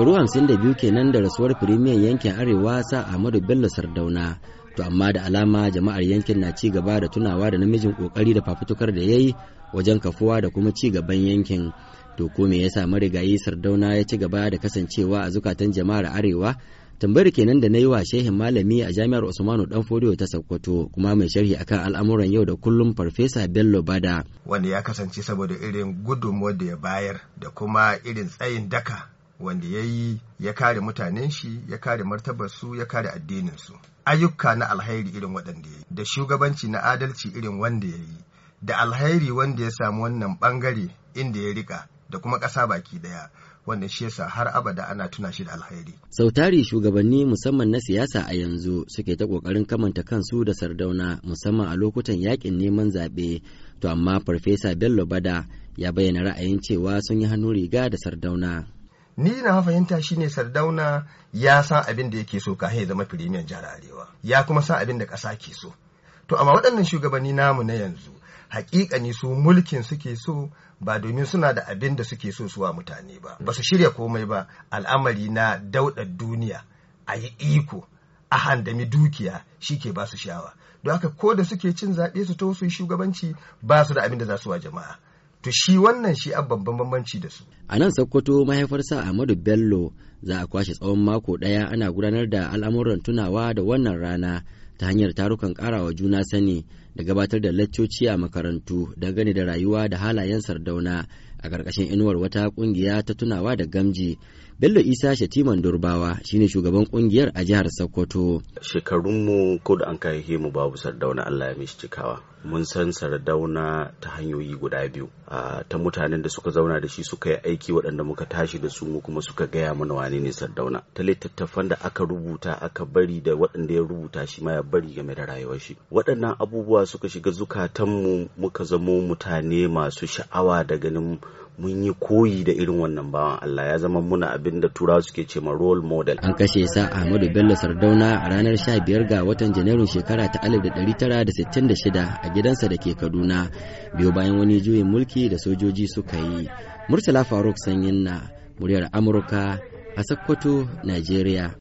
shekaru 52 kenan da rasuwar firimiyan yankin arewa sa ahmadu bello sardauna to amma da alama jama'ar yankin na ci gaba da tunawa da namijin kokari da fafutukar da ya yi wajen kafuwa da kuma ci gaban yankin to ko me yasa marigayi sardauna ya ci gaba da kasancewa a zukatan jama'ar arewa tambayar kenan da na yi wa shehin malami a jami'ar usmanu dan fodiyo ta sokoto kuma mai sharhi akan al'amuran yau da kullum farfesa bello bada wanda ya kasance saboda irin gudunmuwar da ya bayar da kuma irin tsayin daka wanda ya yi ya kare mutanen shi ya kare martabarsu ya kare addininsu ayyuka na alhairi irin waɗanda ya yi da shugabanci na adalci irin wanda ya yi da alhairi wanda ya samu wannan bangare inda ya rika da kuma ƙasa baki ɗaya wanda shi yasa har abada ana tuna shi da alheri. Sautari shugabanni musamman na siyasa a yanzu suke ta ƙoƙarin kamanta kansu da sardauna musamman a lokutan yakin neman zaɓe. To amma Farfesa Bello Bada ya bayyana ra'ayin cewa sun yi hannu riga da sardauna. ni na fahimta shine sardauna ya san abin da yake so kafin ya zama firimiyan jihar arewa ya kuma san abin da ƙasa ke so to amma waɗannan shugabanni namu na yanzu ne su mulkin suke so ba domin suna da abin da suke so suwa mutane ba ba su shirya komai ba al'amari na dauɗa duniya a yi iko a handami dukiya shi ke ba su shawa don haka ko da suke cin zaɓe su to su yi shugabanci ba su da abin da za su wa jama'a to shi wannan shi a babban bambanci da su a nan sokoto mahaifarsa ahmadu bello za a kwashe tsawon mako ɗaya ana gudanar da al'amuran tunawa da wannan rana ta hanyar tarukan karawa juna sani da gabatar da laccoci a makarantu dangane da rayuwa da halayen sardauna a ƙarƙashin inuwar wata ƙungiya ta tunawa da gamji bello isa shatiman durbawa shine shugaban ƙungiyar a jihar sokoto shekarunmu ko da an kai mu babu sardauna allah ya mishi cikawa mun san sardauna ta hanyoyi guda biyu ta mutanen da suka zauna da shi suka yi aiki waɗanda muka tashi da su mu kuma suka gaya mana wane ne sardauna ta littattafan da aka rubuta aka bari da waɗanda ya rubuta shi ma ya bari game da rayuwar shi waɗannan abubuwa suka shiga zukatanmu muka zamo mutane masu sha'awa da ganin mun yi koyi da irin wannan bawan Allah ya zama muna abin da tura suke ce ma role model an kashe sa Ahmadu Bello Sardauna a ranar sha-biyar ga watan Janairun shekara ta alif da 1966 a gidansa da ke Kaduna biyo bayan wani juyin mulki da sojoji suka yi Murtala Faruk Sanyin na muryar Amurka a Sokoto Najeriya